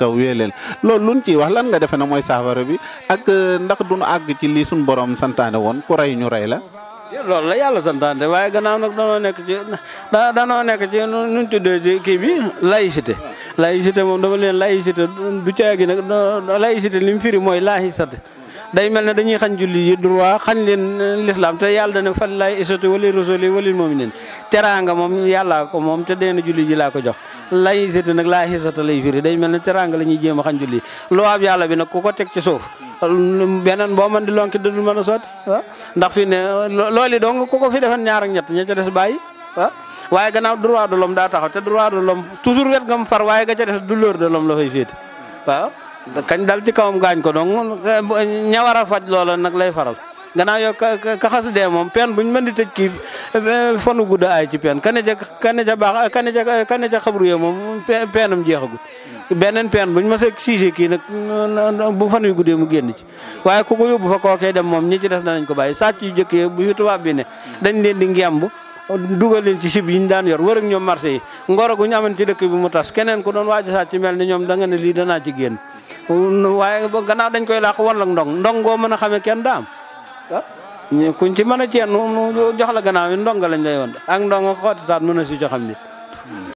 kaw weeleel loolu luñ ci wax lan nga defe ne mooy saafara bi ak euh, ndax duñu àgg ci lii suñu borom santaane woon ku rey ñu rey la loolu la yàlla santaane waaye gannaaw nag danoo nekk ci da danoo nekk ci nuñ tuddee ci kii bi laïcité laïcité moom dama leen laïcité du caagi nag laïcité li mu firi mooy laïcité day mel ne dañuy xañ julli yi droit xañ leen euh, l'islam te yàlla dana fan laay isati wali rasuli wali mu'minin teraanga moom yàllaa ko moom te deena julli ji laa ko jox lay sita nag laa xisata lay firi day mel ne teraanga la ñuy jéem a xañ julli loo ab yàlla bi nag ku ko teg ci suuf beneen boo mën di lonki dadul mën a sotti waaw ah. ndax fi ne loolu donc ku ko fi defen ñaar ak ñett ña ca des bàyyi waaw ah. waaye gannaaw droit de l'homme daa taxaw te droit de l'homme toujours wet gam far waaye ga ca des douleur de l'homme la fay féete kañ dal ci kawam gaañ ko donc eh, ña a faj loola nag lay faral gannaaw yow ka xas dee moom pen bu ñu mën di tëj kii eh, fanu gudda ay ci pen kane ca kane ca baax kane ca kane ca xabru yo moom penam jeexagul beneen pen buñ ma sa siise kii nag bu fan yu guddee mu génn ci waaye ko ko yóbbu fa kookee dem moom ñi ci des danañ ko bàyyi sàcc jëkk yi bu yu tubaab bi ne dañ leen di ngemb dugal leen ci sib yi ñu daan yor wër ak ñoom marché yi ngoro gu ñu amoon ci dëkk bi mu tas keneen ku doon waaj sàcc ci mel ne ñoom da nga ne lii danaa ci génn waaye ganaa dañ koy làq wan lak ndong ndong goo mën a xamee kenn daam kuñ ci mën a ceen nu jox la gannaaw yi ndongo lañ lay woon ak ndonga xootitaat mën a si joxam nit